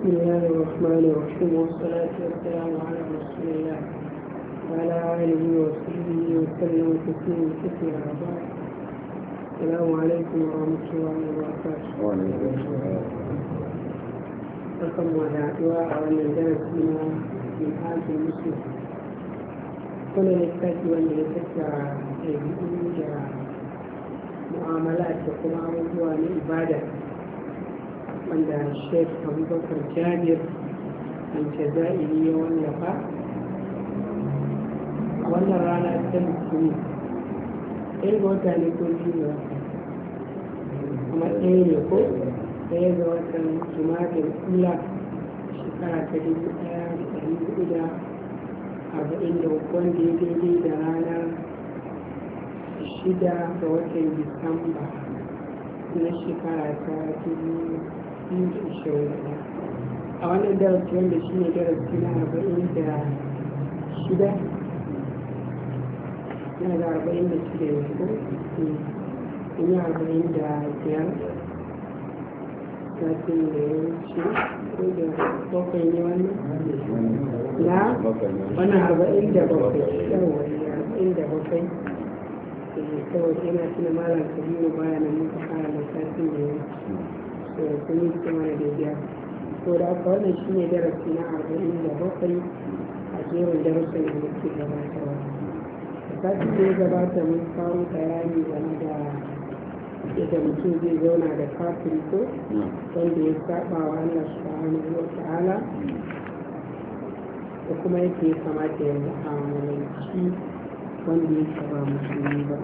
بسم الله الرحمن الرحيم والصلاة والسلام على رسول الله وعلى آله وصحبه وسلم تسليما كثيرا وبعد السلام عليكم ورحمة الله وبركاته. وعليكم السلام. رقم ودعوة على الدرس من منهاج المسلم. كنا نحتاج أن نتذكر معاملات وكما عملوا wanda shek abubakar jabir aljazairi ya wallafa a wannan rana ta litinin ɗaya ga wata ne ko biyu ga ɗaya ne ko ɗaya ga watan jima'a kula shekara ta dubu ɗaya da ɗari hudu da arba'in da wanda ya daidai da shida ga watan disamba na shikara ta dubu a wannan darasi wanda shi ne darasi na arba'in da shida na da arba'in da shida ya shigo in yi arba'in da biyar satin da ya wuce ko da bakwai ne wannan na wannan arba'in da bakwai yawon arba'in da bakwai eh, saboda yana tuna malam kabiru bayanan muka fara da satin da ya wuce sun yi cikin to da aka wannan shi ne darasi na arba'in da bakwai a jerin darasin da muke gabatarwa sati da ya gabata mun kawo bayani game da yadda mutum zai zauna da kafin ko wanda ya saba wa Allah subhanahu wa ta'ala da kuma yake ya kamata ya mu'amalanci wanda ya saba musulmi ba.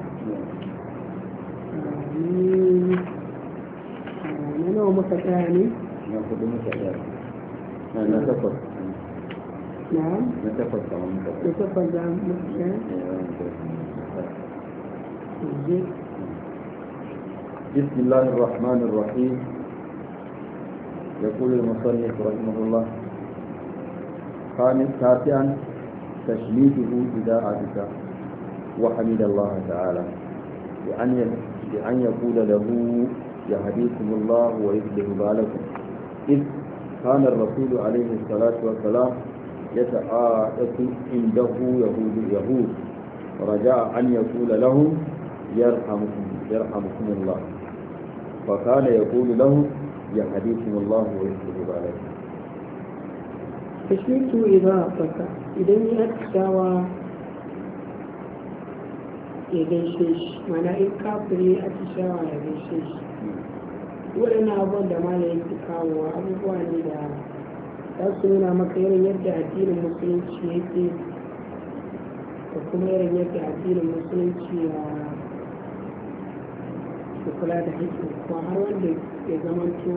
أنا ومتكاني أنا تفضل نعم نتفضل نتفضل بسم الله الرحمن الرحيم يقول المصنف رحمه الله خامس تاسعا تشميته إذا عدت وحمد الله تعالى بأن يقول له يهديكم الله ويصلح بالكم إذ كان الرسول عليه الصلاة والسلام يتعاطف عنده يهود اليهود رجاء أن يقول لهم يرحمكم يرحمكم الله فكان يقول لهم يهديكم الله ويصلح بالكم فشلت إذا أطلق إذا أتكاوى ya gaishe shi mana in kafiri a tishawa ya gaishe shi waɗannan abubuwan da mana yake kawowa abubuwa ne da za su nuna maka irin yadda addinin musulunci yake da kuma irin yadda addinin musulunci ya kula da haƙƙin kuma har wanda ya zamanto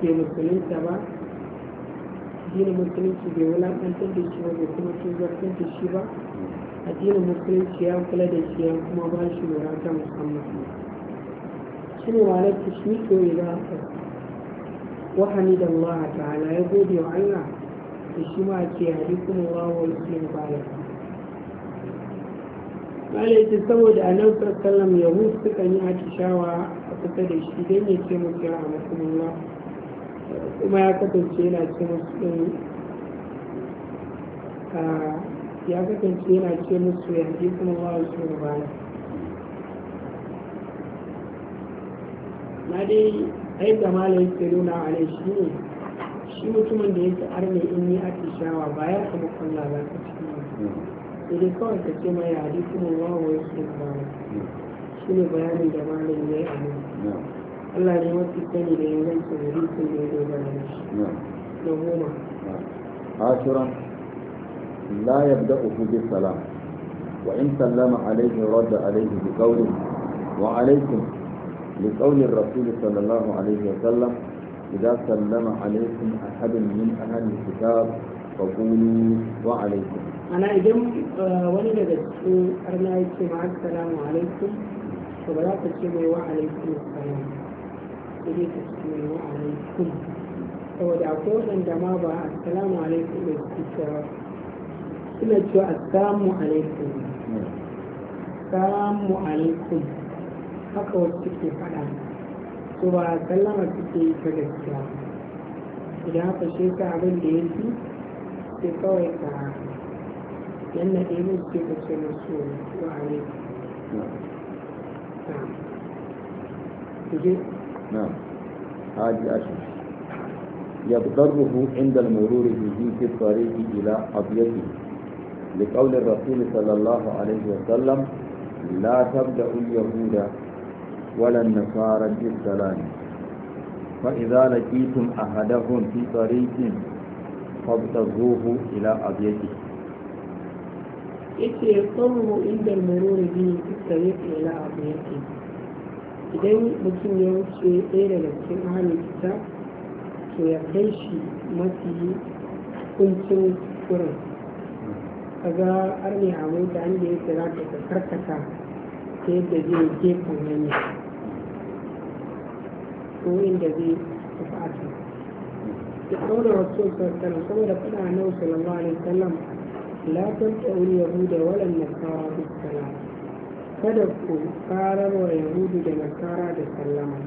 ke musulunta ba addinin musulunci bai wulaƙantar da shi ba bai kuma tuzartar da shi ba addinin musulunci ya kula da shi ya kuma ba shi lura ta musamman shi ne walar tashmito ya za ka wahani da Allah ta'ala ya gode wa Allah da shi ma ke hari kuma su musulun baya ce saboda anan sallallahu ya yahud suka yi atishawa a kusa da shi don ya ce musu ya amakumullah kuma ya kasance yana ce musu ɗin ah, ya kasance yana ce musu yanzu kuma ba su ne na dai ai da malayin nuna a nan shi ne shi mutumin da yake arme in yi ake shawa ba ya kuma kwallo ba ta ciki sai dai kawai ka ce mai yadi kuma ba wa ba ne shi ne bayanin da malayin ya yi a nan Allah ne mafi sani da yanzu su wuri sai da ya dogara da shi Na goma. لا يبدأه بالسلام وإن سلم عليه رد عليه بقوله وعليكم لقول الرسول صلى الله عليه وسلم إذا سلم عليكم أحد من أهل الكتاب فقولوا وعليكم أنا إذن ولد بسكين أرنايك مع السلام عليكم فبلا تشمي وعليكم السلام إذن تشمي وعليكم saboda akwai waɗanda ma ba assalamu alaikum da suke cewa suna cewa assalamu alaikum assalamu alaikum haka wasu ke faɗa to ba sallama suke yi ta gaskiya idan haka shi ka abin da ya fi ke kawai ka yanda da ya ke ka ce musu wa alaikum نعم هذه يضطره عند المرور به في الطريق إلى أبيته لقول الرسول صلى الله عليه وسلم لا تبدأ اليهود ولا النصارى بالسلام فإذا لقيتم أحدهم في طريق فابتغوه إلى أبيته yake yasanmu inda marori biyu suka yi tsere abu yake idan mutum ya wuce ɗaya daga cikin ahalin kita to ya kai shi mafi kuncin kurin ka ga arni a mota inda yake za ka karkata ta yadda zai gefen hanya ko inda zai tafi a can da ɗaura rasul sallallahu saboda faɗa na sallallahu alaihi wasallam la tantahu yahuda wala nasara bis salam kada ku karar wa yahudu da nasara da sallama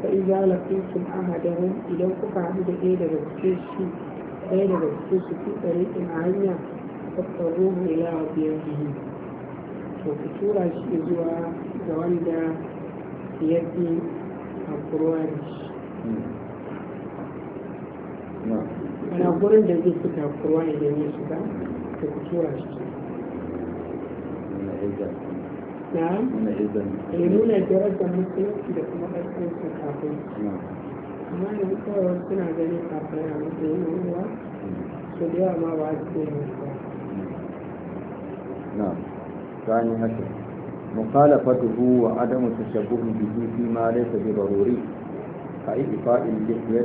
fa idza laqitum ahadahum idan kuka haɗu da ɗaya daga cikin shi ɗaya daga cikin su fi tsariƙin a hanya fasaruhu إلى عطيته to ku tura shi zuwa ga wanda أقول fi hakuruwa da shi ana gurin da zai fita hakuruwa idan ya shiga to ku tura shi na'am ya nuna darajar musulunci da kuma kafin amma da kawai suna ganin kafin a matsayin ruwa su da yawa ma ba su yi نعم ثاني عشر مخالفته وعدم التشبه به فيما ليس بضروري كإيفاء اللحية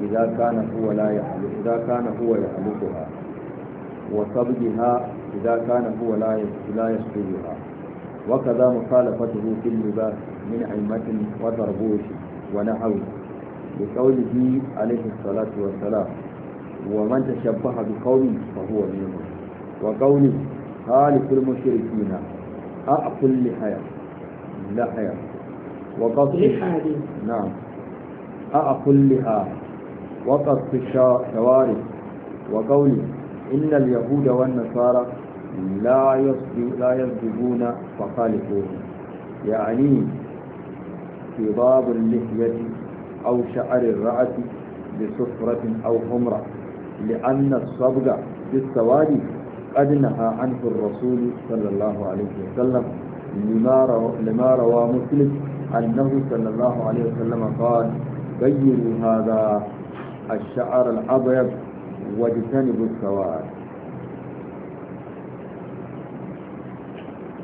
إذا كان هو لا يحلق إذا كان هو يحلقها وصبغها إذا كان هو لا لا يصبغها وكذا مخالفته في اللباس من عمة وتربوش ونحوه لقوله عليه الصلاة والسلام ومن تشبه بقوم فهو منهم وقوله خالف المشركين أعقل لحياة لحياة وقصها نعم أعقل لها وقص الشوارب وقولي إن اليهود والنصارى لا يصدق لا يصدقون فخالفوهم يعني في باب اللحية أو شعر الرأس بصفرة أو حمرة لأن الصبغة بالسواد قد نهى عنه الرسول صلى الله عليه وسلم لما روى, لما روى مسلم أنه صلى الله عليه وسلم قال غيروا هذا الشعر الأبيض واجتنبوا السواد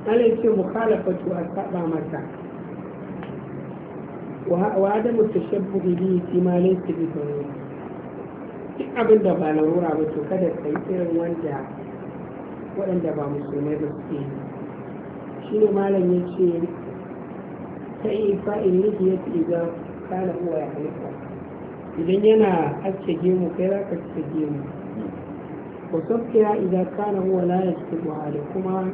أنا يتي مخالفة أصحاب مكة وعدم التشبه به فيما ليس بدون أبدا abin da ba larura ba waɗanda ba musulmai ba suke yi shi ne malam ya ce ta yi fa'in yake ya fi ka kana uwa ya halitta idan yana aske gemu kai za ka aske gemu ko sofiya idan kana uwa na ya ci da kuma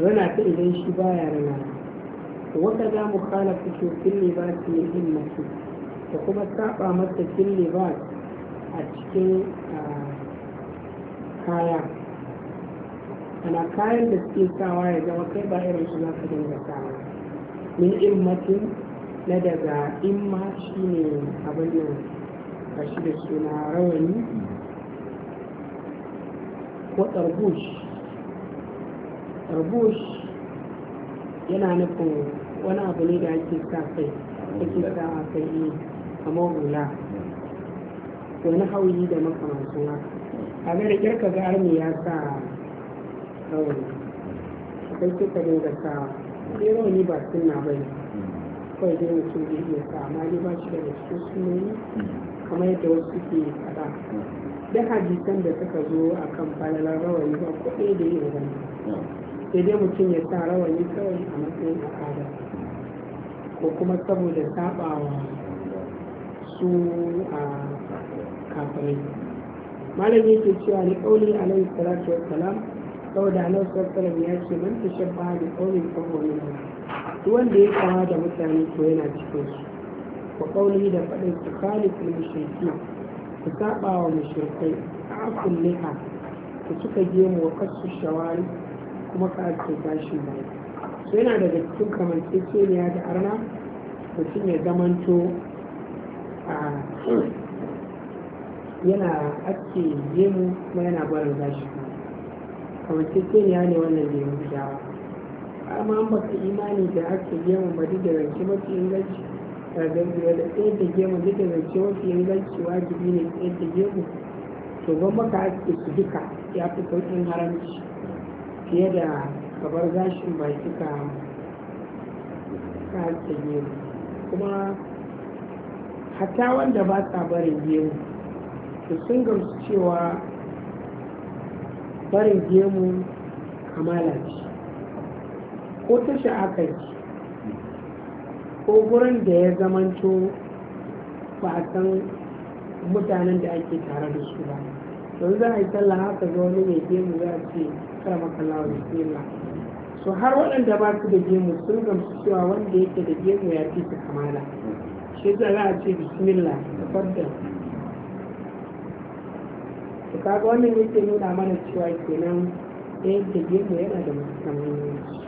rana ta idan shi baya rana wata za mu kana fito fili ba su yi himmatu da kuma saba masa fili ba a cikin ah, kaya ana kayan da suke sawa ya zama kai ba irin su za ka dinga sawa min immatin na daga imma ne abin nan ba shi da suna rawani ko tarbush tarbush yana nufin wani abu ne da ake sa kai ake sa a kai a hula wani hauyi da makamantan haka a ga da kirka ga armi ya sa rauni Akwai ce ka dinga sa sai rauni ba sun na bai kawai dai mutum zai iya sa amma dai ba shi daga cikin sunoni kamar yadda wasu ke faɗa da hadisan da suka zo a kan falalar rawani ba ko ɗaya da yin wani sai dai mutum ya sa rawani kawai a matsayin al'ada ko kuma saboda saɓawa su a kafirai malam yake cewa ni kauli alaihi salatu wassalam saboda annabi sallallahu ya ce man ta bi qaumin fa huwa ne duk wanda ya kawo da mutane ko yana cikin su ko qauli da faɗin su khalifin mashirki ku saba wa a afun liha ku suka gemu wa kasu shawari kuma ka ake gashi ba Su yana daga cikin kamanceceniya da arna mutum ya zamanto a yana ake gemu kuma yana barin gashi kawai cikiniya ne wannan da yanzu shawa amma an baka imani da ake gemu ba duk da rance mafi inganci a gangiwa da tsaye da gemu duk da rance mafi inganci wajibi ne tsaye da gemu to ban baka ake su duka ya fi sauƙin haramci fiye da kabar gashin ba kika ka ake gemu kuma hatta wanda ba sa barin gemu da sun gamsu cewa barin gemu kamala ce ko ta sha'aka ce ko gurin da ya zamanto ba a san mutanen da ake tare da su ba don za a yi talla haka ga wani mai gemu za a ce kar wa bismillah so har waɗanda ba su da gemu sun gamsu cewa wanda yake da gemu ya fi su kamala shi za a ce bismillah fadda to kaga wannan yake nuna mana cewa kenan yanke gemu yana da matuƙar muhimmanci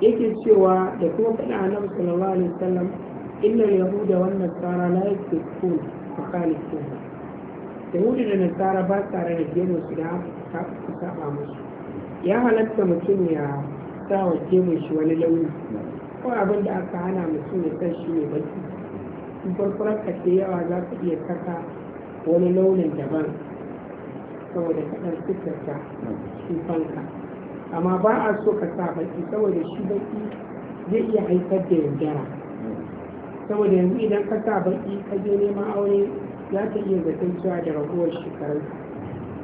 yake cewa da kuma faɗa annabi sallallahu alaihi wasallam inna yahuda wan nasara la yakfurun fa khalifun yahuda da nasara ba sa da gemu su da ka saba musu ya halatta mutum ya sa wa gemun shi wani launi ko abin da aka hana mutum ya san shi ne baki in farfarar ka ce yawa za ka iya saka wani launin daban saboda kaɗan sitarta shi fanka amma ba a so ka sa baki saboda shi baki zai iya haifar da yaudara saboda yanzu idan ka sa baki ka je neman aure za ta iya zaton cewa da raguwar shekaru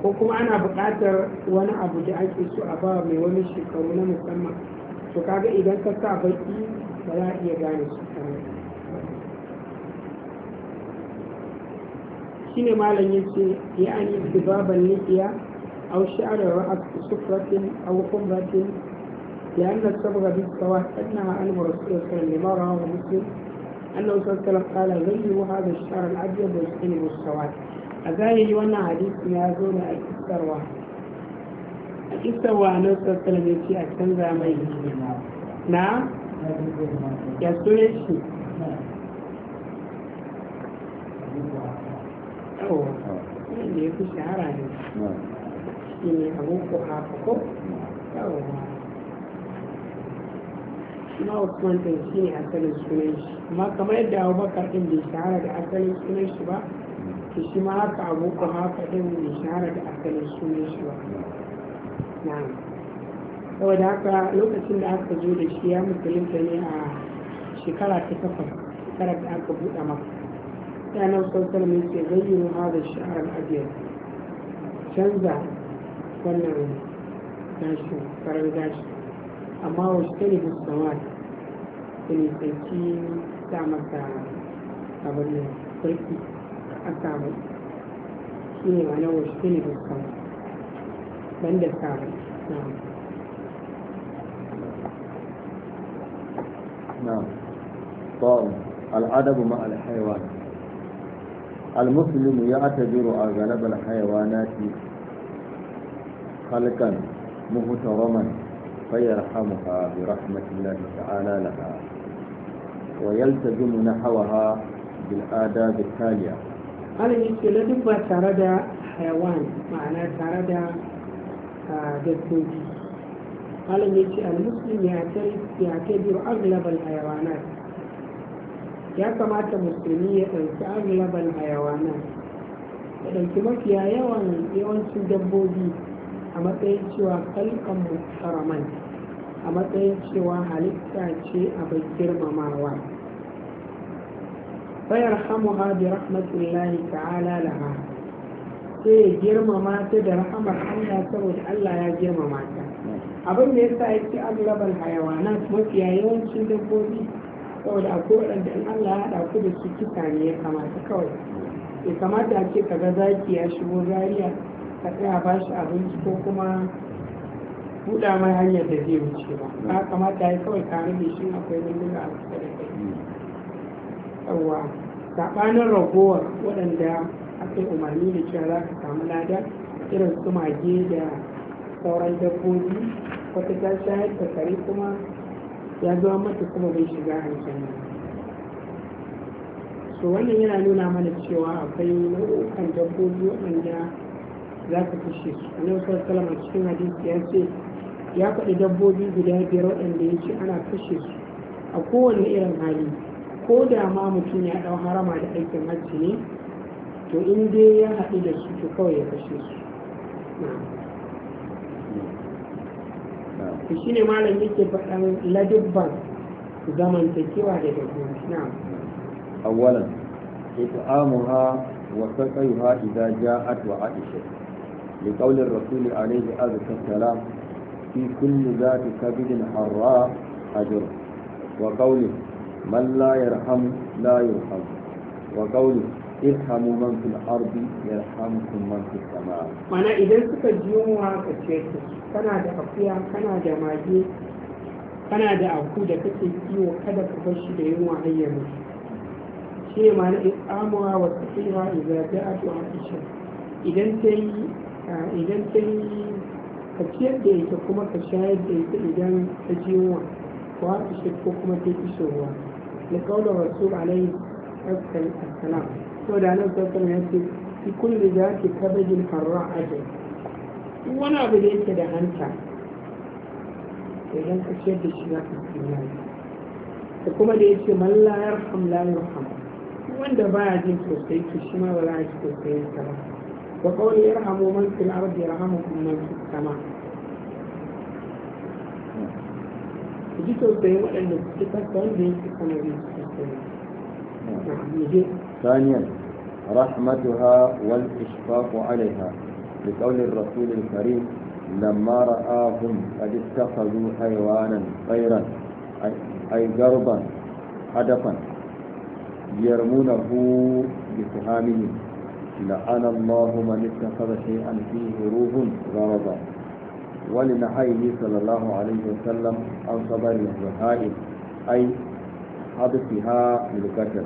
ko kuma ana buƙatar wani abu da ake so a ba mai wani shekaru na musamman to kaga idan ka sa baki ba za a iya gane shekaru shine malam yace ya an yi tibaban nikiya a wasu shi'arar ra'ad sufratin a wukun batin ya an nasa buga bin kawa da sarar nema rawa wa mutum an nausa kalan kala zan yi da shi'arar ajiyar da su ne musu kawa a zahiri wannan hadisi ya zo ne a kisarwa a kisarwa a nausa kalan yace a canza mai na ya so to da ya fi shahara ne shi ne abu ko haka ko yawa kuma ma usman din shi ne asalin sunan shi amma kamar yadda abubakar din bai shahara da asalin sunan shi ba to shi ma haka abu ko haka din bai shahara da asalin sunan shi ba na'am da haka lokacin da aka zo da shi ya musulunta ne a shekara ta takwas shekarar da aka buɗe maka أنا قلت لهم أنت غيروا هذا الشعر الأبيض شنزع صنعوا تاشو فرعوا تاشو أما هو اشتري في السماوات تني تاشين تعمل تعمل قبل لي تركي أتعمل شيني أنا هو اشتري في السماوات بند التعمل نعم نعم طالب الأدب مع الحيوان المسلم يعتبر أغلب الحيوانات خلقا مهترما فيرحمها برحمة الله تعالى لها ويلتزم نحوها بالآداب التالية قال يقول لدك ترى حيوان معناه ترى دكتور قال يقول المسلم يعتبر أغلب الحيوانات ya kamata musulmi ya ɗauki aglaban hayawana ya ɗauki mafiya yawan yawancin dabbobi a matsayin cewa kalkan mutsaraman a matsayin cewa halitta ce abin girmamawa bayar hamuha bi rahmatullahi ta'ala laha sai ya girmama ta da rahamar Allah saboda Allah ya girmama ta abin da yasa yake hayawa hayawana mafiya yawancin dabbobi saboda akwai waɗanda in Allah ya haɗa ku da su kisa ne ya kamata kawai ya kamata ake ce ka ga zaki ya shigo zariya ka tsaya ba shi abinci ko kuma buɗa mai hanyar da zai wuce ba ya kamata ya kawai ka rage shi akwai bindiga a kusa da kai yawa saɓanin ragowar waɗanda aka yi umarni da cewa za ka samu lada irin su mage da sauran dabbobi wata ta shayar da kare kuma ya zama mata kuma bai shiga aljanna so wannan yana nuna mana cewa akwai nau'ukan dabbobi waɗanda za ka kashe su a nan kawai salama cikin hadisi ya ce ya faɗi dabbobi guda biyar waɗanda ya ce ana kashe su a kowane irin hali ko da ma mutum ya ɗau harama da aikin hajji ne to in dai ya haɗu da su to kawai ya kashe su to shine malam yake faɗan ladubban zamantakewa da dabbobi na'am awwalan it'amuha wa saqayha idza ja'at wa aishat لقول الرسول عليه الصلاة والسلام في كل ذات كبد حراء أجر وقوله من لا يرحم لا Wa وقوله irhamu man fil ardi yarhamukum man fis sama mana idan suka ji yunwa ka ce su kana da akuya kana da mage kana da aku da kake kiwo kada ka bar shi da yunwa har ya mutu shi mana iqamuha wa tafiha idza ja'atu aisha idan ta yi idan ta yi ka ciyar da ita kuma ka shayar da ita idan ta ji yunwa ko aisha ko kuma ta yi ruwa da kaular rasul alaihi السلام saboda hannun sassan ya ce fi kulli za ki kabajin harra ajal wani abu da yake da hanta idan ka ciyar da shi za ka tsira da kuma da yake malla yarham la yarham wanda baya jin sosai to shi ma ba za a ji sosai ta ba wa kawai yarhamu man fil ardi yarhamukum man fis sama ku ji tausayin waɗanda suke kasa wanda yake sama zai sosai na mu ثانيا رحمتها والإشفاق عليها لقول الرسول الكريم لما رآهم قد اتخذوا حيوانا غيرا أي قربا هدفا يرمونه بسهامهم لعن الله من اتخذ شيئا فيه روح غرضا ولنحيه صلى الله عليه وسلم عن صبر الزهائم أي حدثها للقتل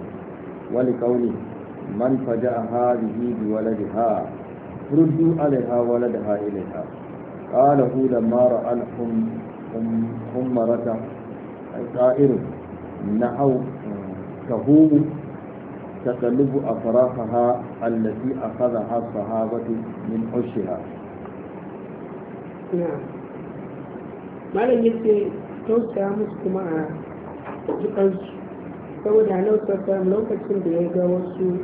ولقوله من فجأ هذه بولدها ردوا عليها ولدها إليها قاله لما رأى الحم حمرة طائر نحو تهوب تقلب أفراحها التي أخذها الصحابة من عشها نعم ما لن يبقى توسع مسكما جقلش saboda nan ta lokacin da ya ga wasu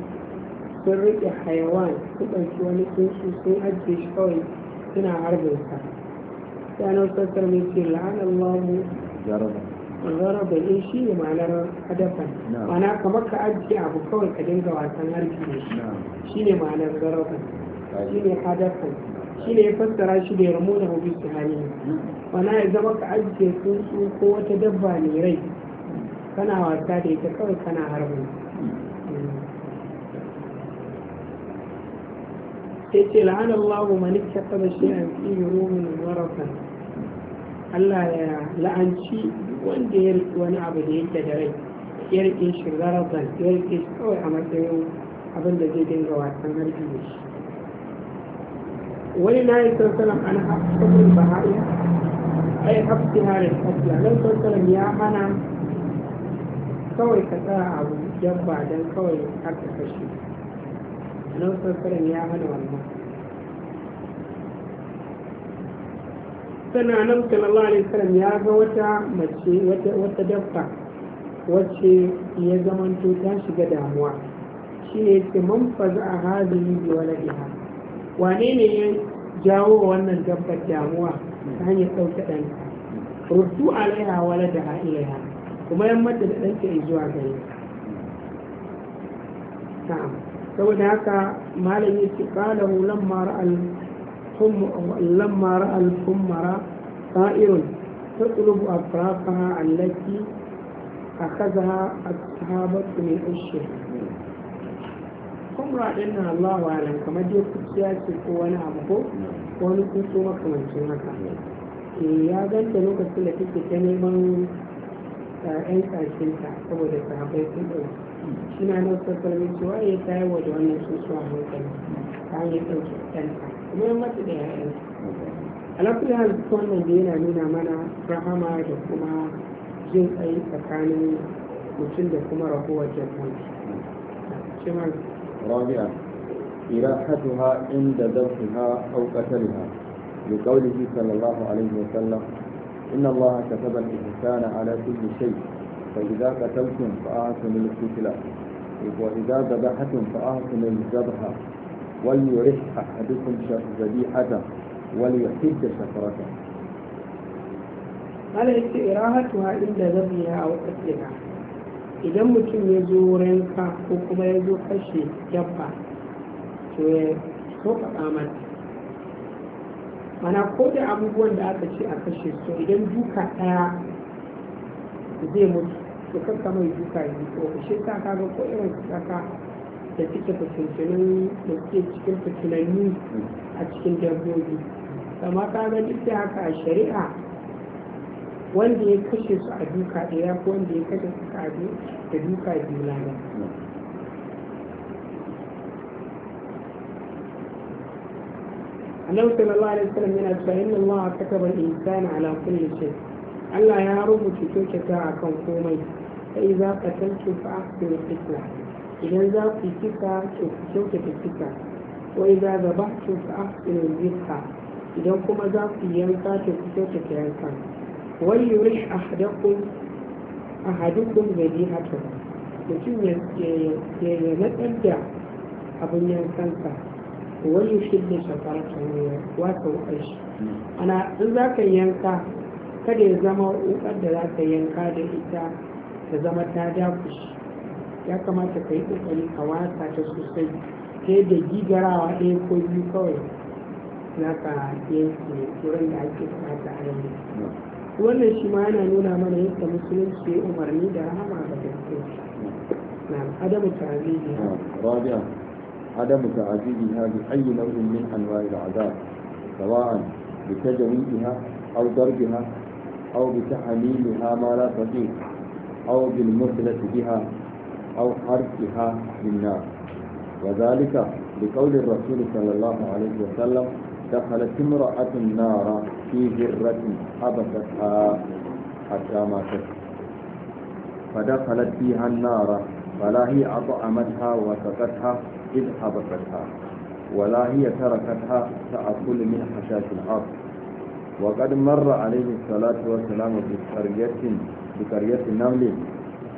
sun riƙe haiwan su ɗauki wani kinsu sun ajiye shi kawai suna harbin sa sai nan sassan mai ce la'anar lamu zaraba in eh, shi ne ma'anar hadafan, mana kamar ka ajiye abu kawai ka dinga wasan harbi ne shi ne ma'anar zaraba shi ne hadafan shi ne ya fassara shi da ya ramu da hobi su hali mana ya zama ka ajiye tsuntsu ko wata dabba mai rai كنا وارتادي تكو كنا هربنا تيتي لعن الله من اتخذ شيئا في يروم ورثا الله يا لعن شيء وان دير وان عبد يلك جري يلك يشكر غرضا يلك يشكر عمل ديو عبد الذي دين رواد فنهر كيش ولله صلى الله عليه وسلم أنا حفظ البهائية أي حفظ هذا الحفظ لن صلى الله عليه وسلم يا حنام kawai ka sa abu dabba don kawai haka kashe nan sassarin ya hana wannan sannan nan sallallahu alaihi wasallam ya ga wata mace wata dabba wacce ya zamanto ta shiga damuwa shi ne ce man faza a hadin bi waladiha wane ne ya jawo wannan dabbar damuwa ta hanyar ɗauke ɗanta rutu alaiha waladaha ilaiha kuma yan mata da ɗanta ya zuwa gare ta saboda haka malam yake kala hu lamma ra'al lamma ra'al kummara ta'irun tatlubu a allati a ashabatu min ushur kumra din na Allah wa alam kamar dai kuciya ce ko wani abu ko wani kuso makamancin haka eh, ya ganta lokacin da take ta neman 'yan ƙarshen ta saboda sahabai sun ɗauki shi na nan sassalmi cewa ya tayar wa da wannan sosuwa hankali ta hanyar ɗauki ɗansa kuma ya masu da ya'yansa alakulli hal wannan da yana nuna mana rahama da kuma jin ƙai tsakanin mutum da kuma ragowar jama'a shimar rabi'a إراحتها عند ذبحها أو قتلها لقوله صلى الله عليه وسلم إن الله كتب الإحسان على كل شيء فإذا قتلتم فأحسنوا القتلى وإذا ذبحتم فأحسنوا الذبح وليرح أحدكم ذبيحته وليحيد شفرته قال yake إراهتها inda ذبيها أو قتلها إذا ممكن ya zo wurinka ko kuma ya zo kashe yabba mana ko da abubuwan da aka ce a kashe su idan duka ɗaya zai mutu to kanka mai duka yi ko shi ta kaga ko irin saka da suke fitintunin da suke cikin fitinanni a cikin dabbobi amma kaga duk da haka a shari'a wanda ya kashe su a duka ɗaya ko wanda ya kashe su da duka biyu lada annabi sallallahu alaihi wasallam yana cewa inna allah kataba al-insana ala kulli shay Allah ya rubuta kyautata akan komai sai za ka tantu fa ahsinu fitna idan za ku kisa to ku kyautata kisa wa idza zabahtu fa ahsinu dhabha idan kuma za ku yanka to ku kyautata yanka wa yurih ahadakum ahadukum zabihatahu mutum ya na da abin yankansa wani shidda shakar tsaniyar wata wukar shi ana in za ka yanka kada ya zama wukar da za ka yanka da ita ta zama ta dakushi ya kamata ka yi ƙoƙari ka wata ta sosai ta yadda gigarawa ɗaya ko biyu kawai za ka yanke wurin da ake bukata a yanzu wannan shi ma yana nuna mana yadda musulunci ya umarni da rahama ga gaske na adamu tare ne عدم تعذيبها بأي نوع من أنواع العذاب سواء بتجريدها أو ضربها أو بتحميلها ما لا تطيق أو بالمثلة بها أو حرقها للنار وذلك لقول الرسول صلى الله عليه وسلم دخلت امرأة النار في هرة حبستها حتى ماتت فدخلت فيها النار فلا هي أطعمتها وسقتها إذ حبستها ولا هي تركتها تأكل من حشاش الأرض وقد مر عليه الصلاة والسلام بقرية بقرية نمل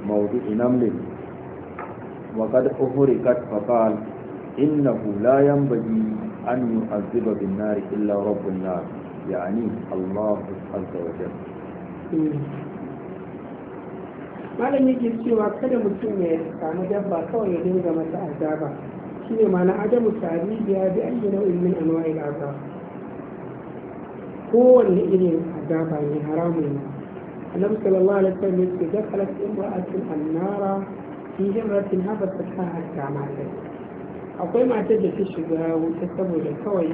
موضع نمل وقد أهرقت فقال إنه لا ينبغي أن يعذب بالنار إلا رب النار يعني الله عز وجل malam yake cewa kada mutum ya samu dabba kawai ya dinga masa azaba التمكين ومعنى عدم التعريف بها بأي نوع من أنواع العذاب هو اللي عذاب يعني حرام النبي صلى الله عليه وسلم دخلت امرأة النار في جمرة هبت فتحها حتى معتد أو قيمة تجد في الشجاة وتتبه للكوي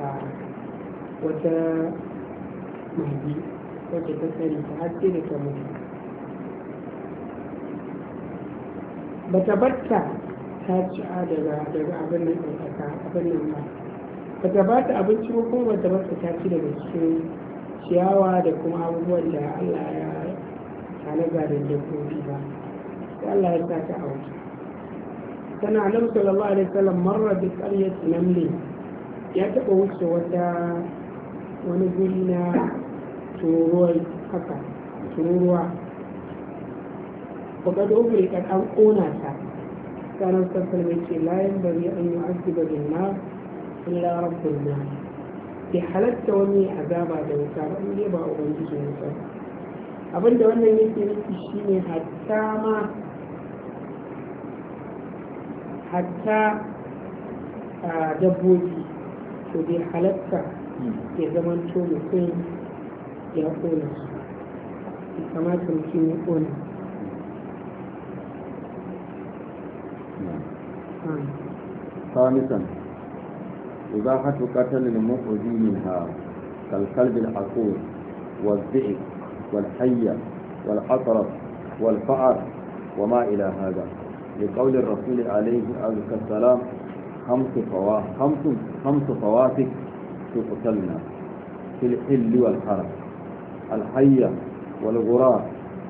آه، وت مهدي وتتسري تعتد كمهدي بتبتع taci'a daga daga abin nan ɗin abin nan ba ba ta ba ta abinci ko kuma ba ta ba ta taci daga cikin ciyawa da kuma abubuwan da Allah ya tanaga da dabbobi ba sai Allah ya sa ta a wajen sana annabi sallallahu alaihi wasallam marra bi qaryati namli ya taɓa wuce wata wani guri na tururuwai haka tururuwa ba ga dogari ka ƙona ta كان سلسل ميكي لا ينبغي أن يعذب بالنار إلا رب النار في حالة وني عذابا دوتا وإن يبا أبنجي نسا abin da wannan yake nufi shine hatta ma hatta dabbobi to bai halatta ya zama to mutum ya kona su ya خامسا إباحة قتل المؤذي منها كالكلب العقول والذئب والحية والعطرس والفأر وما إلى هذا لقول الرسول عليه الصلاة والسلام خمس خمس خمس فواتك تقتلنا في الحل والحرم الحية والغراب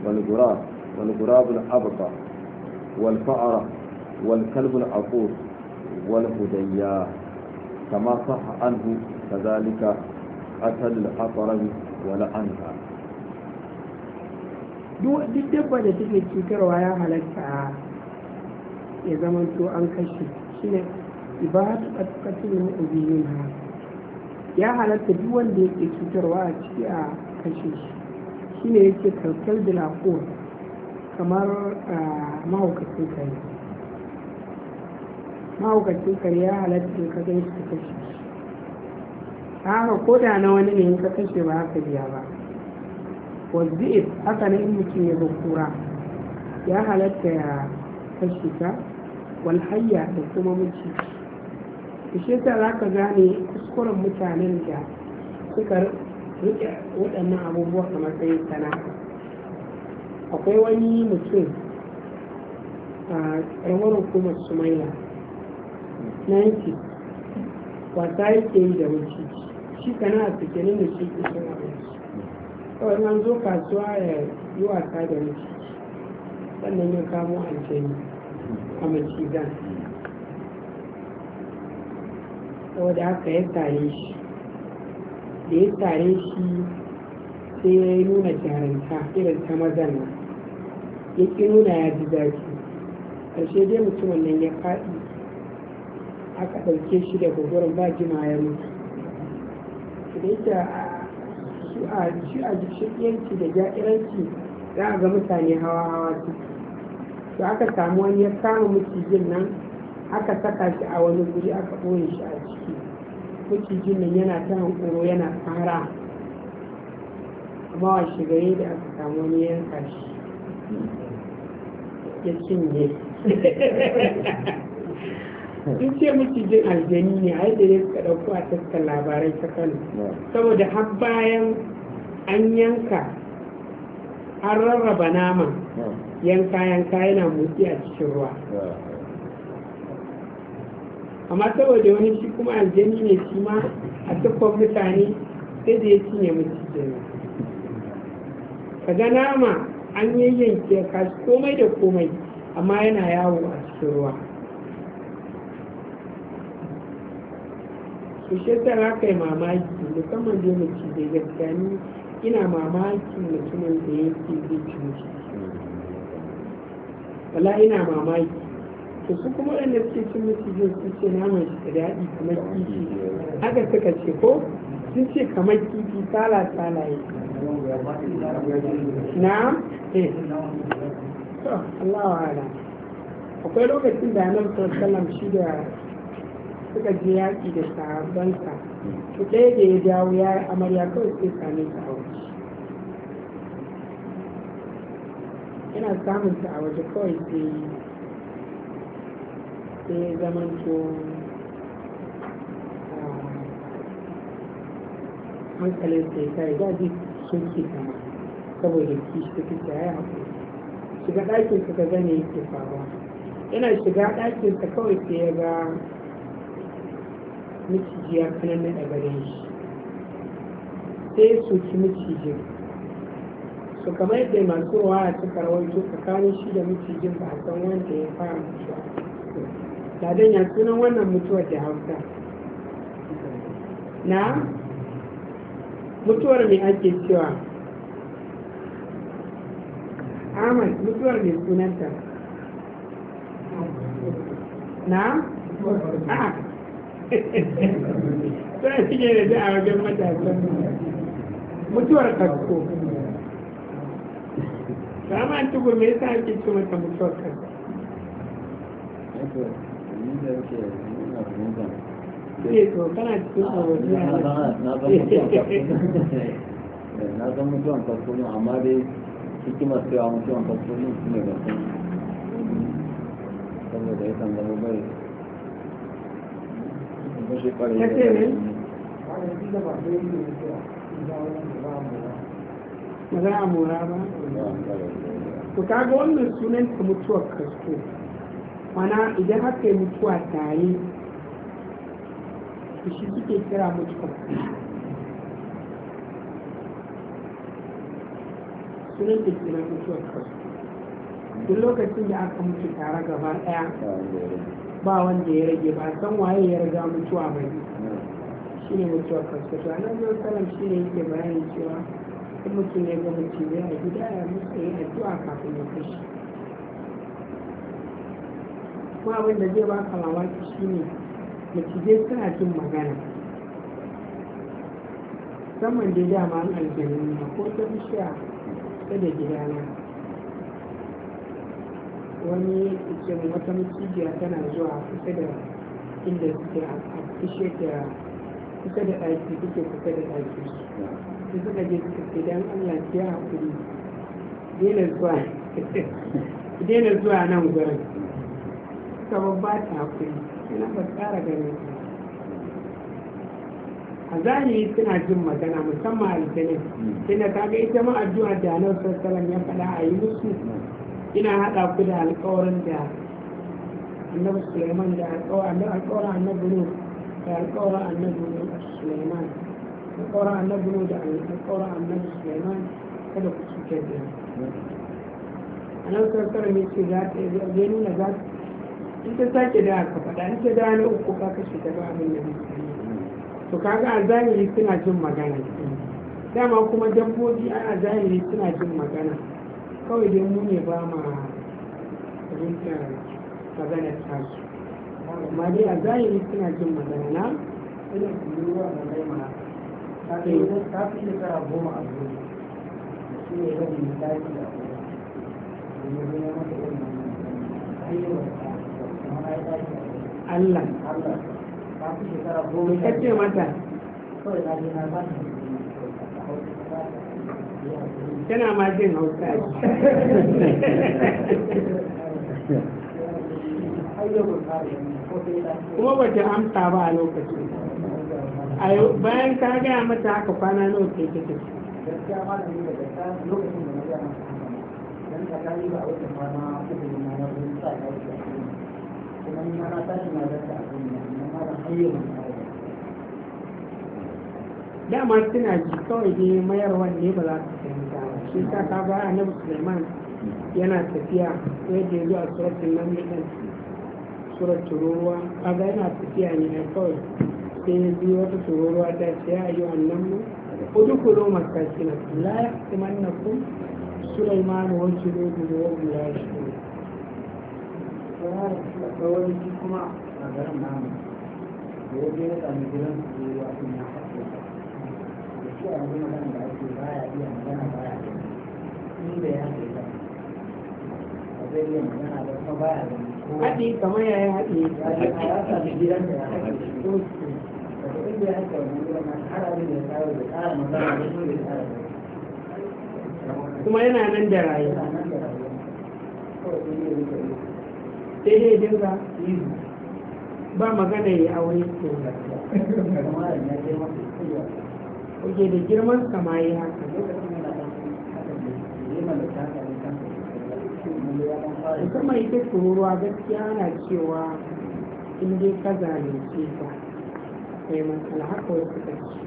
والغراب والغراب الأبطى والفأرة والكلب العقور والهديا كما صح عنه كذلك أتل الأطرب ولعنها duk dabba da take cutarwa ya halatta ya zama to an kashe shi ne ibadu a tukatun ubiyun ha ya halatta duk wanda yake cutarwa a ciki a kashe shi shi ne yake karkar da kamar mahaukacin kai mahaukacin karya ya halatta in ka gan shi haka ko da na wani ne in ka kashe ba haka biya ba wazi'if haka na in mutum ya kura ya halatta ya kashe ta walhayya da kuma muci shi ta za ka gane kuskuren mutanen da suka rike waɗannan abubuwa a matsayin sana'a akwai wani mutum a ƙarfar hukumar sumaila 90 wasa yake yi da wuce shi kana a cikin da shi ke cin abinci kawai an zo kasuwa ya yi wasa da wuce sannan ya kamo aljani a macizan saboda haka ya tare shi da ya tare shi sai ya yi nuna jaranta irin ta mazan nan ya ƙi nuna ya ji daji ƙarshe dai mutumin nan ya faɗi aka ɗauke shi da gogoron ba jima ya mutu da yake shi a jikshiyarci da ja'iranci za a ga mutane hawa hawa su to aka samu wani ya kama macijin nan aka saka shi a wani guri aka ɓoye shi a ciki macijin nan yana ta hankoro yana fara amma wa shigare da aka samu wani yanka shi ya cinye in ce jin aljani ne a yadda suka ɗauko a taska labarai ta kano saboda har bayan an yanka an rarraba nama yanka yanka yana motsi a cikin ruwa amma saboda wani shi kuma aljani ne shi ma a tukwan mutane sai da ya cinye macijin kaga nama an yayyanke kashi komai da komai amma yana yawo a cikin ruwa to shi yasa za yi mamaki musamman dai mace da gaskiya ni ina mamaki mutumin da yake zai ci wala ina mamaki to su kuma waɗanda suke cin zai sun ce naman shi daɗi kamar kifi haka suka ce ko sun ce kamar kifi sala sala ya na eh. Allah wa akwai lokacin da annabi sallallahu alaihi wasallam shi da suka je yaƙi da sahabbansa Su ɗaya da ya dawo ya yi amarya kawai sai same ta a waje yana samun ta a waje kawai sai sai zamanto hankalin sai kai da ji sun ke kama saboda kishi ta fi ta ya shiga ɗakin ka gane yake faruwa yana shiga ɗakin sa kawai sai ya ga miciji ya kanan a gare shi sai su ci micijin su kamar yadda masu ruwa a rawar rawaito tsakanin shi da micijin ba a san wanda ya fara mutuwa ladan ya sunan wannan mutuwar da hausa na mutuwar mai ake cewa Ahmad mutuwar mai sunanta na? Ah, za a cike da a wajen matasan mutuwar kasko sama an tugu me yasa ake ce mata mutuwar kasko eh, na zan mutuwan kasko amma dai hikimar cewa mutuwan kasko ne ba saboda ya kan zama bai ba za a mora ba wannan sunan ka mutuwar kasko mana idan haka yi mutuwa tare to shi suke kira mutuwar sunan da kira mutuwar kasko duk lokacin da aka mutu tare gaba daya ba wanda ya rage ba san waye ya riga mutuwa ba ne shi ne mutuwa kaskato a nan zai kalam shi ne yake bayani cewa in mutum ya ga mutum ya a gida ya ya yi addu'a kafin ya kashe kuma abin da zai baka mamaki shi ne macizai suna cin magana musamman dai dama an aljanu ko ta bishiya ta da gidana wani ikin wata cibiya tana zuwa kusa da inda suke a kushe da kusa da ɗaki suke kusa da ɗaki su suka je suka ce don allah ya haƙuri daina zuwa daina zuwa nan gurin suka babba ta hakuri yana ba tsara gani a zahiri suna jin magana musamman aljanin tunda kaga ita ma da annabi sallallahu ya faɗa a yi musu ina haɗa ku da alƙawarin da annabi suleiman da alƙawar annabi nu da alƙawar annabi nu suleiman alƙawar annabi nu da alƙawar annabi suleiman kada ku cutar da annabi karkar ne ce za ta yi zai nuna za ta in ta sake da aka faɗa in ta da na uku ka kashe ta ba abin da to kaga a zahiri suna jin magana dama kuma dabbobi a zahiri suna jin magana kawai dai mu ne ba ma fahimtar maganar tasu amma dai a zahiri suna jin magana na ina kuma a mai ma ta yi eh. ta fi shekara goma a zuwa shi ne da ta daji a kuma domin ya da irin ayyukan ta amma ya daji Allah Allah ta fi shekara goma ya ce mata kawai je na ba ta a ta tana ma jin hausa kuma ba ta amsa ba a lokaci. bayan ka gaya mata aka kwana nawa ke kike dama suna ji kawai ne mayarwa ne ba za su shi ta ka ba annabi Sulaiman yana tafiya yadda ya zo a suratul nan din suratul ruwa kaga yana tafiya ne kawai sai ya ji wata tururuwa ta ce ya ayyu annamu udkhulu masakinan la yahtimannakum Sulaiman wa junudu wa hum la yashurun kuma a garin namu da ya je ya sami gidan ya shi a wani da ake baya iya magana ya ni da ya ke ba ba zai iya magana ba kuma baya ba haɗi kamar yayin haɗi a ya sami gidan da ya haɗi ko su daga inda ya haɗa wani gidan na har abin da ya kawo da ƙara magana da shi da ƙara kuma yana nan da rayuwa sai dai dinga yi ba magana ya aure ko yake da girman kama yi haka musamman ita tururuwa gaskiya ana cewa in dai ka zalunce Ka kai matsala haka wasu ka ci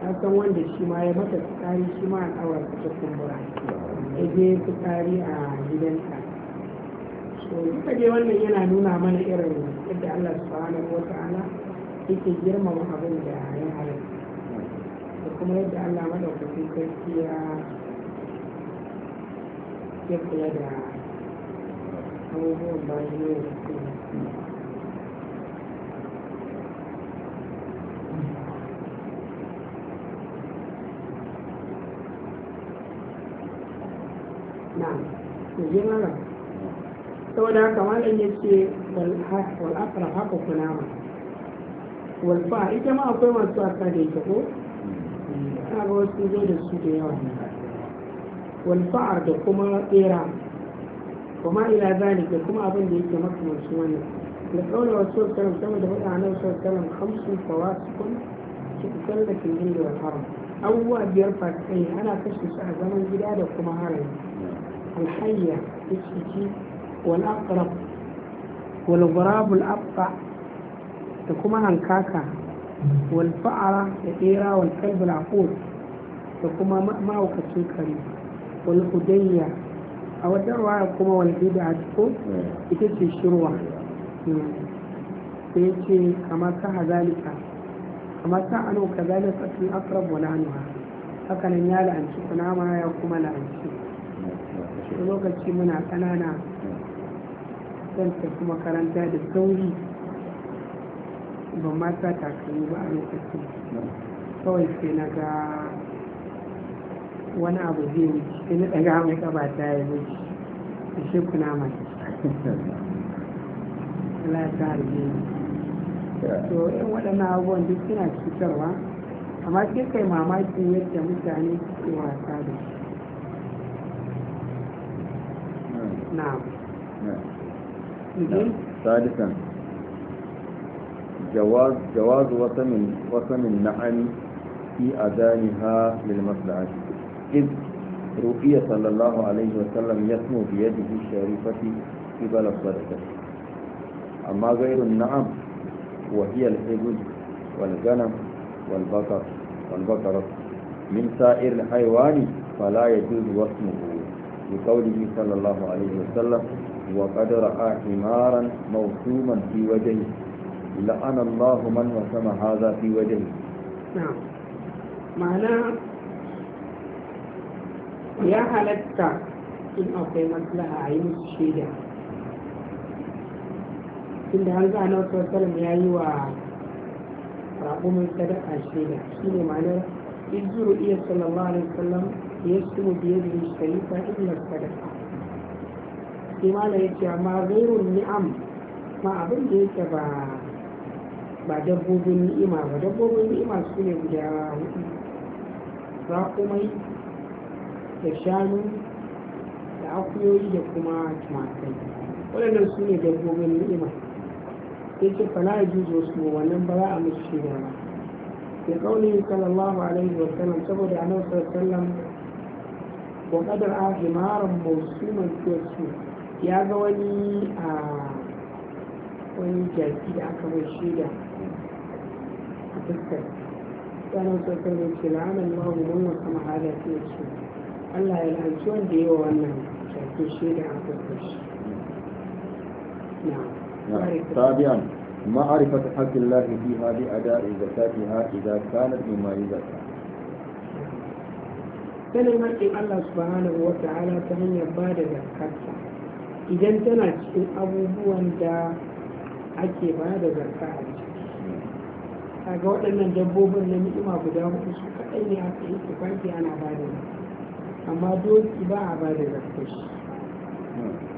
ta san wanda shi ma ya mata fitsari shi ma an aura ta kumbura ya je fitsari a gidanta so duka je wannan yana nuna mana irin yadda Allah subhanahu wa ta'ala yake girmama abin da ya halatta da kuma yadda allah maɗaukacin sarki ya ya kula da abubuwan bayan yau da kuma Na yanzu mara saboda haka malam ya ce wal afra haka kunama wal fa ita ma akwai masu asa da ita ko kaga wasu zo da su da yawa wal fa'ar da kuma tsera kuma ila zalik da kuma abin da yake makamancin wani. da kaula wasu sallam sama da faɗa nan sallam sallam hamsin fawasikun cikin da ke yin da haram abubuwa biyar fasikai ana kashe su a zaman gida da kuma haram alhayya ta ciki wal aqrab wal gharab al da kuma hankaka والفعرة الإيرة والقلب العقور فكما ما وكتشي كريم والهدية أو الدروع كما والبدعة تكتشي الشروع فيتشي كما سعى ذلك كما سعى أنه كذلك أكل أقرب ولعنها haka nan ya la'anci kunama ya kuma la'anci lokaci muna ƙanana zan tafi makaranta da sauri ba mata sa ba a lokacin kawai sai na ga wani abu zai wuce sai na ɗaga mai kaba ta ya wuce da shi kuna mai Allah ta harbe to yan waɗannan abubuwan duk suna cutarwa amma sai kai mamakin yadda mutane suke wasa da shi na'am جواز جواز وسم وسم النعم في أذانها للمصلحة إذ رقي صلى الله عليه وسلم يسمو بيده الشريفة قبل الصدقة أما غير النعم وهي الحبل والغنم والبقر والبقرة من سائر الحيوان فلا يجوز وصمه لقوله صلى الله عليه وسلم وقد رأى حمارا موسوما في وجهه la'ana Allah man haza fi wajen ya halatta in akwai maslaha a yi musu shaida har za a nan sosalam ya yi wa raƙumin sadaka shaida shi ne ma'anar izuru iya sallallahu alaihi wasallam ya su mu biye da sharifa illa sadaka sai malam ya ce amma zairun ni'am ma abin da yake ba ba dabbobin ni'ima ba dabbobin ni'ima su ne guda hudu raƙumai da shanu da akuyoyi da kuma tumakai waɗannan su ne dabbobin ni'ima sai ce fala ya juzo su wannan ba za a musu shiga ba da kauli sallallahu alaihi wa sallam saboda annabi sallallahu alaihi wa sallam wa qadar ahimaran mawsuman su ya ga wani a ah, wani jaki da aka mai shida كان يقول لك لا أنا ما هو من كما في الشيء الله يلا شو عندي هو أنا شو الشيء اللي عم تقولش نعم طبعا نعم. ما عرفة حق الله فيها بأداء زكاتها إذا كانت مما يزكى تنمى الله سبحانه وتعالى تنمى بعد زكاتها إذا انتنى أبو بوان دا أكي بعد زكاتها kaga waɗannan dabbobin na ni'ima guda hudu su kaɗai ne aka yi tufafi ana ba da amma doki ba a ba da zakkashi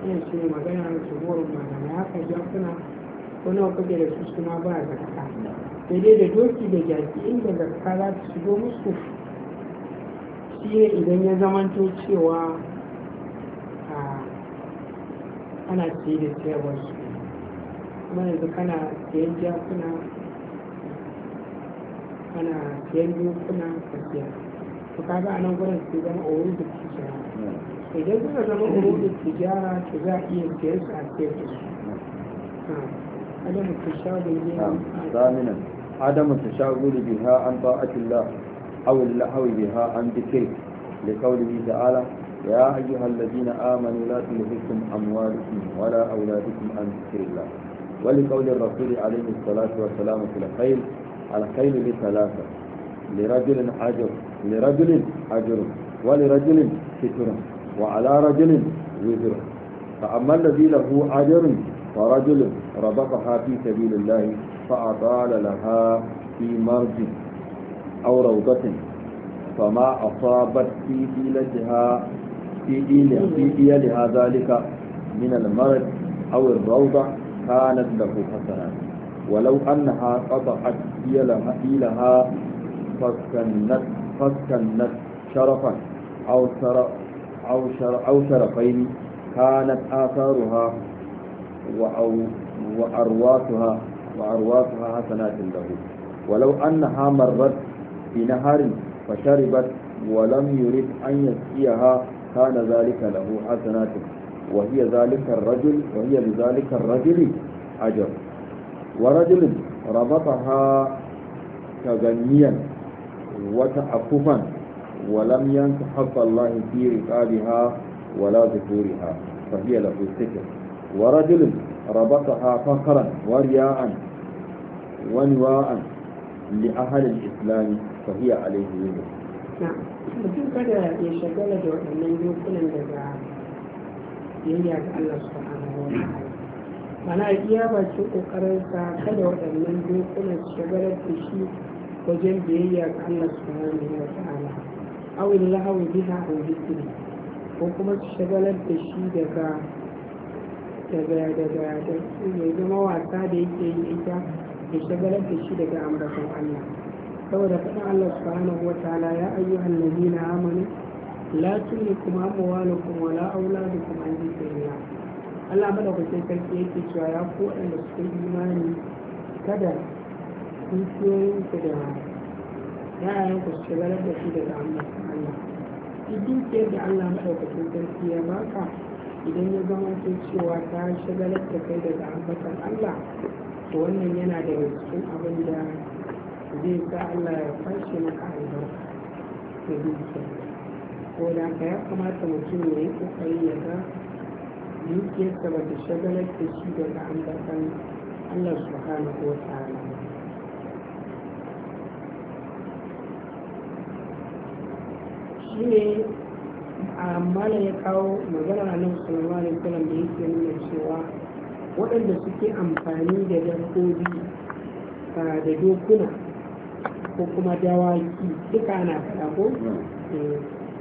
ina ce magana na tsohuwar ka haka kuna ko nawa kuke da su suna ba a zakka daidai da doki da jaki inda zakka za su shigo musu shi ne idan ya zamanto cewa ana ce da sayarwar su kuma yanzu kana sayan jakuna ana siyan yankuna tafiya to ka ga a nan su zama a wurin da su shara idan suka zama a wurin da su su za a iya siyan su a siyan su ah, adamu ta sha gudu ne zaminan adamu ta sha gudu bi ha an ba a tilla awul lahawi bi ha an dike da kawai da ala يا أيها الذين آمنوا لا تلهكم أموالكم ولا أولادكم عن ذكر الله ولقول الرسول عليه الصلاة والسلام في الخيل على خيل بثلاثة لرجل أجر لرجل أجر ولرجل ستر وعلى رجل وزر فأما الذي له أجر فرجل ربطها في سبيل الله فأطال لها في مرج أو روضة فما أصابت في إيلتها في إيلها ذلك من المرج أو الروضة كانت له حسنات ولو أنها قطعت إلها فسكنت, فسكنت شرفا أو, شر أو, شر أو شرفين كانت آثارها وأو وأرواتها وأرواثها حسنات له ولو أنها مرت بنهر فشربت ولم يرد أن يسقيها كان ذلك له حسنات وهي ذلك الرجل وهي لذلك الرجل أجر wa rajulun rabataha taganiyan wata akufan ولم ينس حظ الله في رقابها ولا ذكورها فهي له السكر ورجل ربطها فخرا ورياء ونواء لأهل الإسلام فهي عليه وزر نعم mutum kada ya shagala da waɗannan yankunan da za a yi ga Allah su wa ta'ala mana iya kokarin ƙoƙarinsa kada waɗannan dokuna shagarar da shi wajen biyayya ga Allah subhanahu wa ta'ala aw lahu biha aw dhikri ko kuma shagalar da shi daga daga daga da ya zama wasa da yake yi ita da shagalar da shi daga amurkan Allah saboda faɗin Allah subhanahu wa ta'ala ya ayyuhan ladina amanu la tulkum amwalukum wala auladukum an dhikrillah Allah sai sarki yake cewa ya ko waɗanda suka yi imani kada ku da yayanku su shagalar da su daga Allah Allah dukiyar da Allah madaukakin sarki ya baka idan ya zama ta cewa ta shagalar da kai daga ambatan Allah to wannan yana da cikin abin da zai sa Allah ya fashe maka albarka da dukiya ko da ka ya kamata mutum ya yi kokari ya ga dukiyarsa ba ta shagalar da shi daga ambatan Allah hana ko tsara shi ne amma ya kawo magana a nan sallallahu alaihi da yake nuna cewa waɗanda suke amfani da dabbobi da dokuna ko kuma dawaki duka ana faɗa hmm. eh,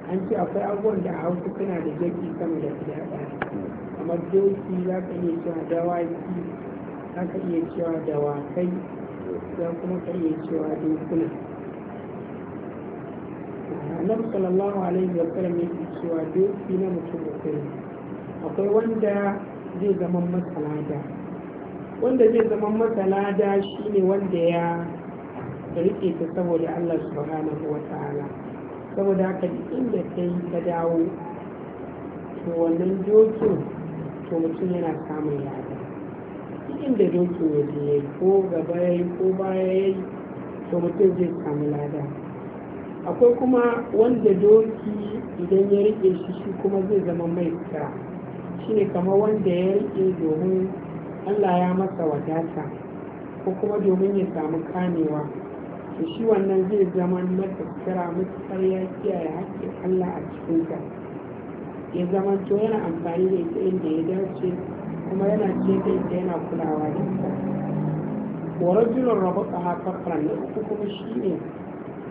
an ce akwai abubuwan da a hausa suna da jaki sama da fiye ɗaya kamar doki za ka iya cewa dawaki za ka iya cewa dawakai za kuma ka iya cewa dokuna annabi sallallahu alaihi wa sallam ce cewa doki na mutum mutum akwai wanda zai zama masalada wanda zai zama masalada shine wanda ya rike ta saboda Allah subhanahu wa ta'ala saboda haka inda kai ka dawo to wannan dokin to mutum yana samun lada cikin da dokin ya je ko gaba ya yi ko baya ya yi to mutum zai samu lada akwai kuma wanda doki idan ya rike shi shi kuma zai zama mai ta shi ne kamar wanda ya rike domin allah ya masa wadata ko kuma domin ya samu kamewa to shi wannan zai zama mata tsira ya kiyaye haƙƙin allah a cikin cikinsa ya zama to yana amfani da ita inda ya dace kuma yana ce da ita yana kulawa da ita wa rajulun rabata a na uku kuma shi shine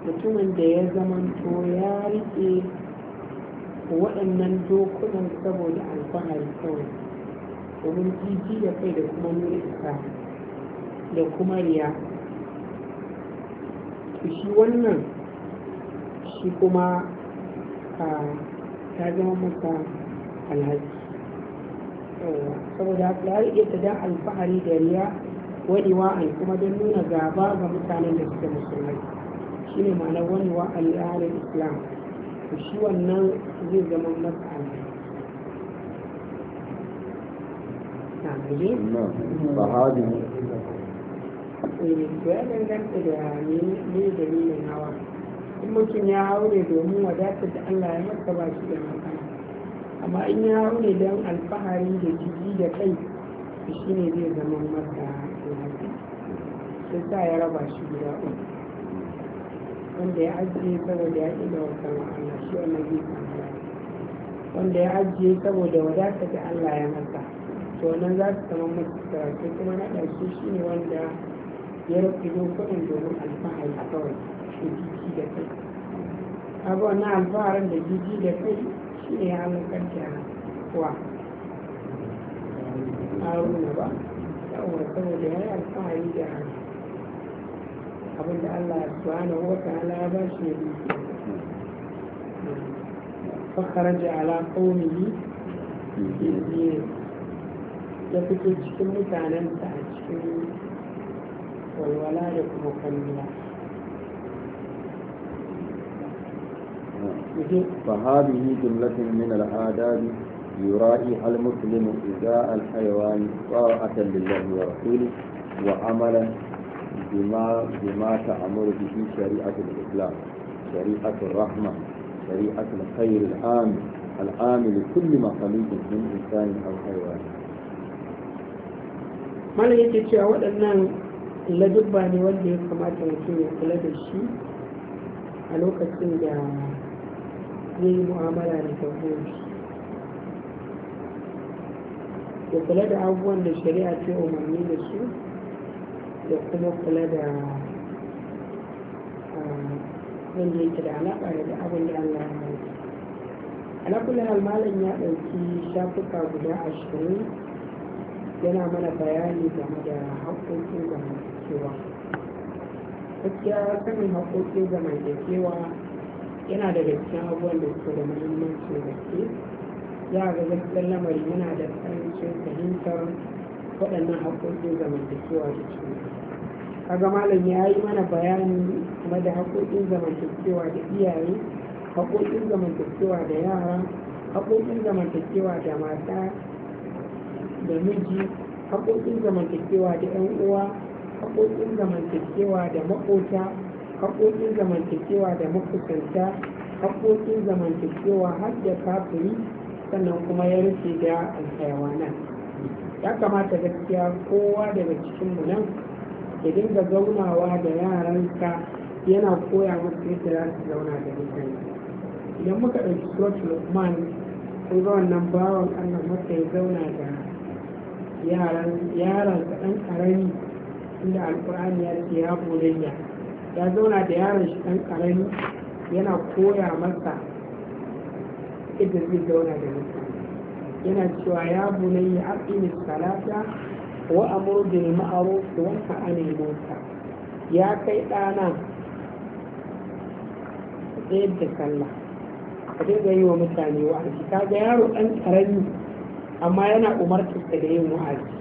mutumin da ya zama to ya rike waɗannan dokunan saboda alfahari kawai domin jiji da kai da kuma nuna isa da kuma riya shi wannan shi kuma ah, ta zama mata alhaji saboda haka ya rike ta don alfahari da riya waɗewa an kuma don nuna gaba ga mutanen da suke musulmai shi ne ma'anar waɗewa al'adar islam shi wannan zai zama mata alhaji sahabi ne eh, to ya danganta da ne dalilin hawa mutum ya aure domin wadatar da Allah ya masa ba shi da amma in ya aure don alfahari da jiji da kai shi ne zai zama masa sai sa ya raba shi guda uku wanda ya ajiye saboda ya ila wa sama Allah shi wannan zai samu wanda ya ajiye saboda wadatar da Allah ya masa to nan za su zama masa karatu kuma na ɗarshe shi ne wanda ya rufe dokunan domin alfahari kawai shi jiji da kai abu wannan alfaharin da jiji da kai shi ne halin kanta wa haruna ba saboda saboda ya yi alfahari da abinda allah subhanahu wa ta'ala ya ba shi ne fakaraja ala kaunihi ya fito cikin mutanen mutanensa a cikin walwala da kuma kwalliya فهذه جملة من الآداب يرائيها المسلم إزاء الحيوان طاعة لله ورسوله وعملا بما بما تأمر به شريعة الإسلام شريعة الرحمة شريعة الخير العام العام لكل مخلوق من إنسان أو حيوان mana yake cewa waɗannan ladubba ne wanda ya kamata mutum ya kula da shi a lokacin da ya yi mu'amala da hukunci da kula da abubuwan da shari'a ce umarni da su da kuma kula da ah, wanda yake da alaƙa da abin da Allah ya yi alakula halmalan ya ɗauki shafuka guda ashirin yana mana bayani game da haƙoƙin zamantakewa gaskiya sanin haƙoƙin zamantakewa yana daga cikin abubuwan da suke da muhimmanci da za a ga gaskiyar lamari yana da tsarancin fahimtar waɗannan haƙoƙin zamantakewa da juna kaga malam ya yi mana bayani kuma da haƙoƙin zamantakewa da iyaye haƙoƙin zamantakewa da yara haƙoƙin zamantakewa da mata da miji haƙoƙin zamantakewa da 'yan uwa haƙoƙin zamantakewa da maƙota haƙoƙin zamantakewa da makusanta haƙoƙin zamantakewa har da kafiri sannan kuma ya rufe da alhayawana ya kamata gaskiya kowa daga cikin mu nan ya dinga zaunawa da yaransa yana koya musu yadda za su zauna da mutane idan muka ɗauki suratul lukman sun ga wannan bawan allah masa ya zauna da yaran yaran ɗan ƙarami inda alƙur'ani ya ce ya bulayya ya zauna da yaron shi ɗan ƙarami yana koya masa idan zai zauna da mutane yana cewa ya bunayya aqimi salata wa amur bil ma'ruf wa ta'ani mota. ya kai ɗana tsayar da sallah ka dinga yi wa mutane wa'azi ka ga yaro ɗan ƙarami amma yana umartar da yin wa'azi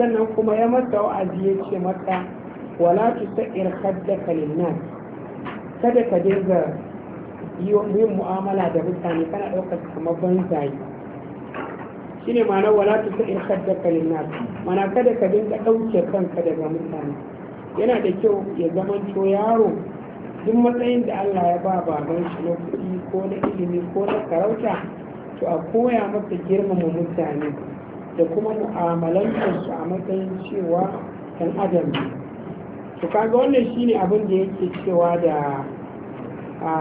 sannan kuma ya mata wa'azi ya ce mata. wala tusa'ir haddaka linnas kada ka dinga yin mu'amala da mutane kana ɗaukar kamar banzaye shi ne ma'ana wala ta sa'in haddaka linnas mana kada ka dinga ɗauke kanka daga mutane yana da kyau ya zama to yaro duk matsayin da Allah ya ba baban shi na kuɗi ko na ilimi ko na karauta to a koya masa girmama mutane da kuma mu'amalantar su a matsayin cewa ɗan adam ne to kaga wannan shine abin da yake cewa da a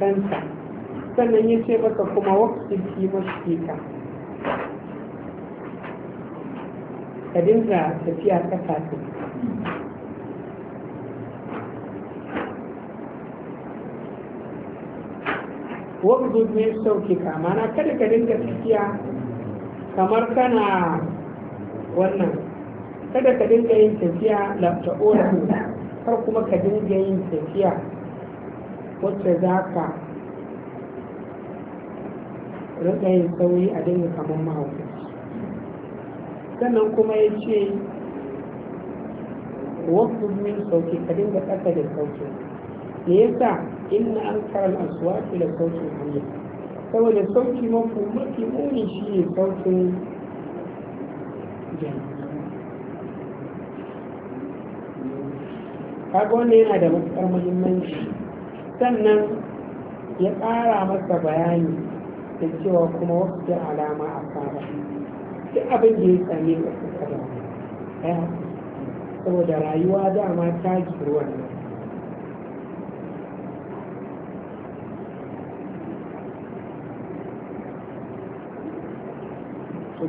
ɗansa sannan ya ce maka kuma wakil fi mashika ka dinga tafiya ƙasa ta wakil ne sauke ka mana kada ka dinga tafiya kamar kana wannan kada ka dinga yin tafiya lafta ola kar kuma ka dinga yin tafiya wacce za ka rika yin sauri a dinga kamar mahaukaci sannan kuma ya ce wasu min sauki ka dinga ƙasa da sauki me yasa inna an karal aswaki da saukin hanyar? saboda sauki mafi mafi muni shi ne saukin jami'a kaga wanda yana da matuƙar muhimmanci sannan ya ƙara masa bayani da cewa kuma wasu alama a fara duk abin da ya tsaye ka kusa da ɗaya saboda rayuwa dama ta jiru wani.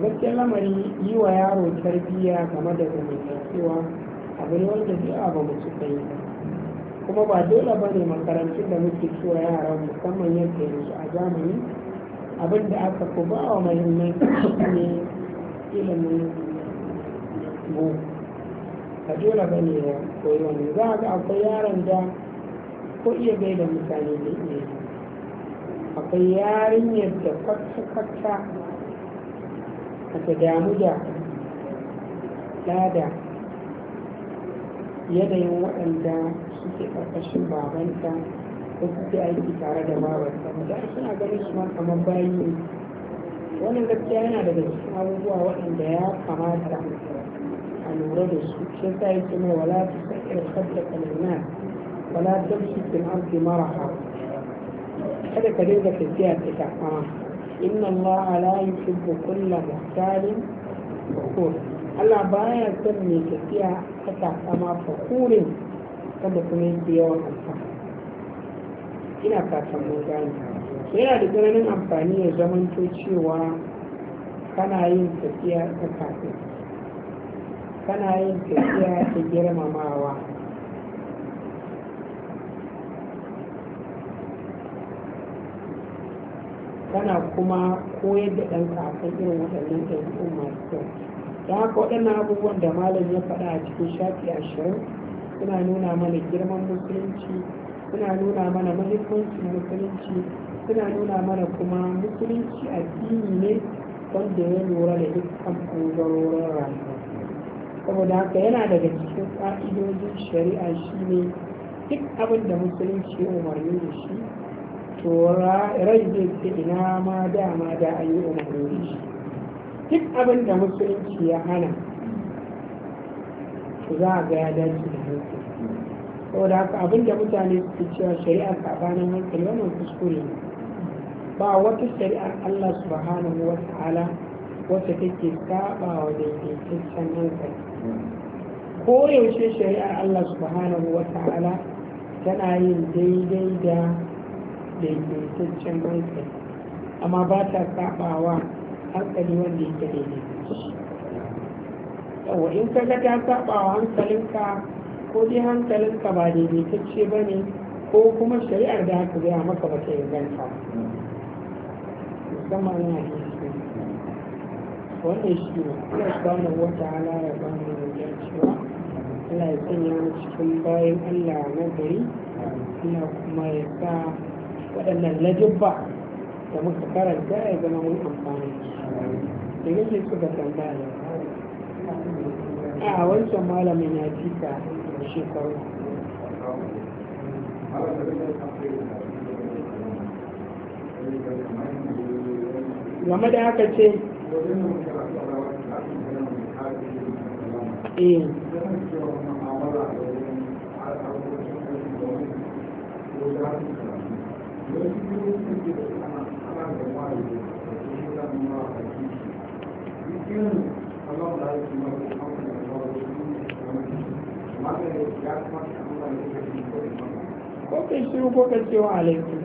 gaskiyar lamari yi wa yaro tarbiyya game da zamantakewa abin wanda ba mu cika yi ba kuma ba dole ba ne makarantun da muke cewa yara musamman yadda yanzu a zamani abin da aka ku ba wa mahimmanci ne ilimin mu ba dole ba ne ya koyi wani za a ga akwai yaron da ko iya bai da mutane da iya akwai yarinyar da kwata-kwata ba ta damu da lada yanayin waɗanda suke ƙarƙashin babanta ko suke aiki tare da babanta da suna ganin su ma kamar bayi ne wannan gaskiya yana daga cikin abubuwa waɗanda ya kamata a lura da su shi yasa yake mai wala ta sakir sabda kalina wala ta fi fil ardi maraha kada ka dinga tafiya ta takama inna allaha la yuhibbu kulla muhtalin fakhur Allah baya son mai tafiya ta takama fakurin kada kuma yake yawan alfa ina fatan mun gane yana da tsananin amfani ya zamanto cewa kana yin tafiya ta kafin kana yin tafiya ta girmamawa kana kuma koyar da ɗanka a irin waɗannan ɗabi'un masu kyau da haka waɗannan abubuwan da malam ya faɗa a cikin shafi ashirin suna nuna mana girman musulunci suna nuna mana mahimmancin musulunci suna nuna mana kuma musulunci addini ne wanda ya lura da dukkan ɓangarorin rayuwa saboda haka yana daga cikin ƙa'idojin shari'a shine duk abin da musulunci ya umarni da shi to rai zai ce ina ma dama da ayi yi umarni da shi duk abin da musulunci ya hana za a ga ya dace da hankali saboda haka abin da mutane suke cewa shari'a sabanin hankali wannan kuskure ne ba wata shari'ar Allah subhanahu wa ta'ala wata take saba wa daidaitaccen hankali ko yaushe shari'ar Allah subhanahu wa ta'ala tana yin daidai da daidaitaccen hankali amma ba ta wa hankali wanda yake daidai yawa in ka ga ta saba wa hankalinka ko dai hankalinka ba daidaitacce ba ne ko kuma shari'ar da aka gaya maka ba ta inganta musamman yana yake wannan shi ne Allah da wa da ya ba mu cewa Allah ya sanya mu cikin bayan Allah na gari Allah kuma ya sa waɗannan lajibba da muka karanta ya zama mun amfani da yake suka tambaya a wancan malamin ya ci ka shekaru game da haka ce eh, ko kai shiru ko kai cewa alaikum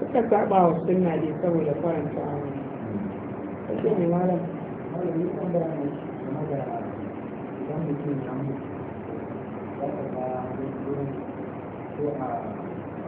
suka saba wa suna ne saboda faranta a wani mai malam malami an bara ne game da idan mutum ya mutu ko a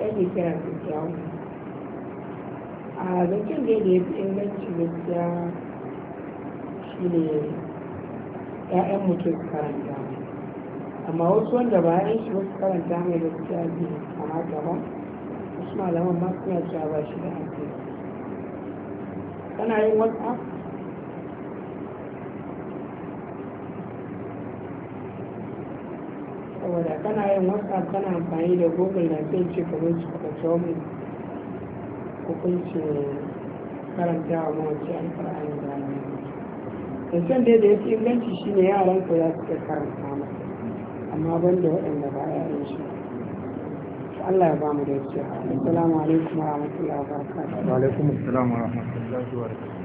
shi ake kira ne a zancen da ya fi inganci kya shi ne ‘ya'yan mutum karanta amma wasu wanda ba ‘ya'yan shi wasu karanta mai gaskiya ne mata ba wasu malaman ma suna cewa ba shi da hankali kana yin whatsapp saboda kana yin whatsapp kana amfani da google na sai ce ka zo ka kaso mu hukunci karanta wa mawace alfa'ani da da san dai da ya fi inganci shi ne yaran ku za su karanta masa amma ban da waɗanda ba ya yi shi Allah ya ba mu da yake. Assalamu alaikum wa rahmatullahi wa barakatuh. Wa alaikum assalam wa rahmatullahi wa barakatuh.